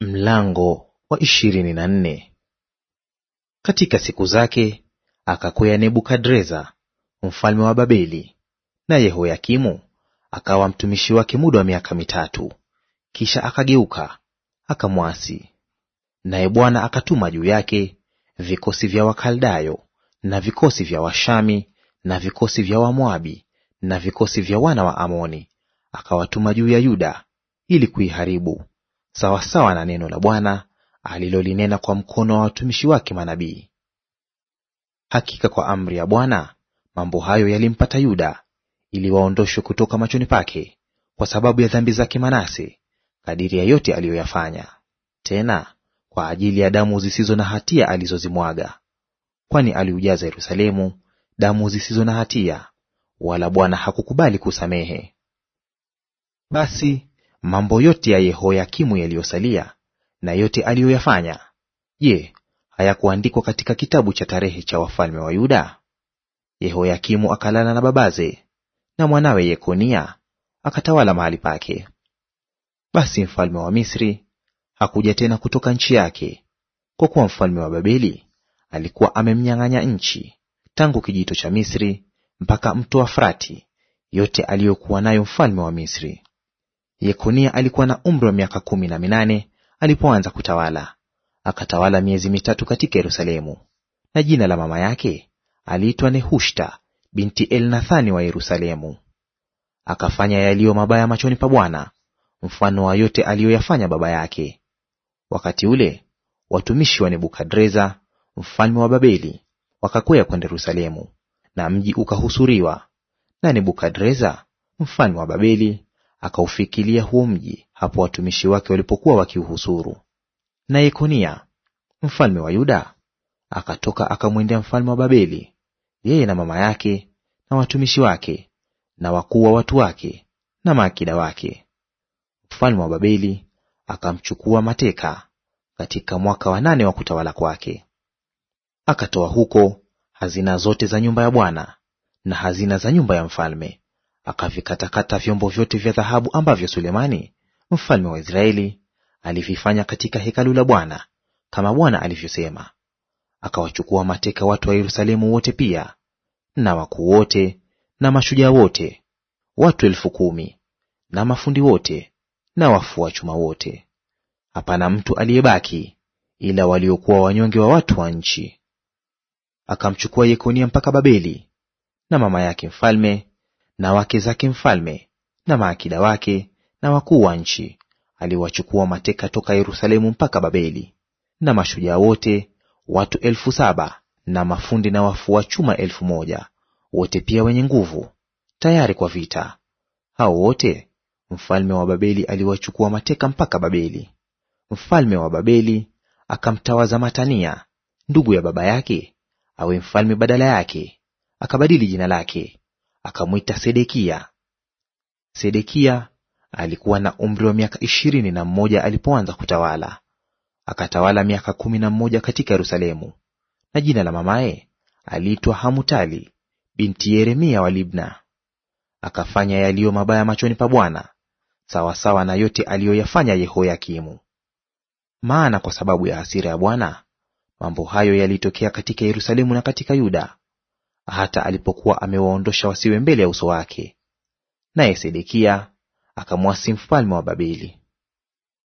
Mlango wa ishirini na nne. Katika siku zake akakwea Nebukadreza mfalme wa Babeli, na Yehoyakimu akawa mtumishi wake muda wa miaka mitatu. Kisha akageuka akamwasi, naye Bwana akatuma juu yake vikosi vya Wakaldayo na vikosi vya Washami na vikosi vya Wamoabi na vikosi vya wana wa Amoni, akawatuma juu ya Yuda ili kuiharibu sawasawa na neno la Bwana alilolinena kwa mkono wa watumishi wake manabii. Hakika kwa amri ya Bwana mambo hayo yalimpata Yuda, ili waondoshwe kutoka machoni pake kwa sababu ya dhambi zake Manase, kadiri ya yote aliyoyafanya, tena kwa ajili ya damu zisizo na hatia alizozimwaga, kwani aliujaza Yerusalemu damu zisizo na hatia, wala Bwana hakukubali kusamehe. Basi Mambo yote ya Yehoyakimu yaliyosalia na yote aliyoyafanya, je, hayakuandikwa katika kitabu cha tarehe cha wafalme wa Yuda? Yehoyakimu akalala na babaze, na mwanawe Yekonia akatawala mahali pake. Basi mfalme wa Misri hakuja tena kutoka nchi yake, kwa kuwa mfalme wa Babeli alikuwa amemnyang'anya nchi tangu kijito cha Misri mpaka mto wa Frati, yote aliyokuwa nayo mfalme wa Misri. Yekonia alikuwa na umri wa miaka kumi na minane alipoanza kutawala, akatawala miezi mitatu katika Yerusalemu. Na jina la mama yake aliitwa Nehushta binti Elnathani wa Yerusalemu. Akafanya yaliyo mabaya machoni pa Bwana, mfano wa yote aliyoyafanya baba yake. Wakati ule watumishi wa Nebukadreza mfalme wa Babeli wakakwea kwenda Yerusalemu, na mji ukahusuriwa. Na Nebukadreza mfalme wa Babeli akaufikilia huo mji hapo watumishi wake walipokuwa wakiuhusuru. Na Yekonia mfalme wa Yuda akatoka akamwendea mfalme wa Babeli, yeye na mama yake na watumishi wake na wakuu wa watu wake na maakida wake. Mfalme wa Babeli akamchukua mateka katika mwaka wa nane wa kutawala kwake. Akatoa huko hazina zote za nyumba ya Bwana na hazina za nyumba ya mfalme, akavikatakata vyombo vyote vya dhahabu ambavyo Sulemani mfalme wa Israeli alivifanya katika hekalu la Bwana kama Bwana alivyosema. Akawachukua mateka watu wa Yerusalemu wote pia na wakuu wote na mashujaa wote watu elfu kumi na mafundi wote na wafua chuma wote. Hapana mtu aliyebaki ila waliokuwa wanyonge wa watu wa nchi. Akamchukua Yekonia mpaka Babeli, na mama yake mfalme na wake zake mfalme na maakida wake na wakuu wa nchi aliwachukua mateka toka Yerusalemu mpaka Babeli, na mashujaa wote watu elfu saba na mafundi na wafua chuma elfu moja wote pia wenye nguvu tayari kwa vita. Hao wote mfalme wa Babeli aliwachukua mateka mpaka Babeli. Mfalme wa Babeli akamtawaza Matania ndugu ya baba yake awe mfalme badala yake, akabadili jina lake akamwita Sedekia. Sedekia alikuwa na umri wa miaka ishirini na mmoja alipoanza kutawala, akatawala miaka kumi na mmoja katika Yerusalemu. Na jina la mamaye aliitwa Hamutali binti Yeremia wa Libna. Akafanya yaliyo mabaya machoni pa Bwana sawasawa na yote aliyoyafanya Yehoyakimu. Maana kwa sababu ya hasira ya Bwana mambo hayo yalitokea katika Yerusalemu na katika Yuda, hata alipokuwa amewaondosha wasiwe mbele ya uso wake. Naye Sedekia akamwasi mfalme wa Babeli.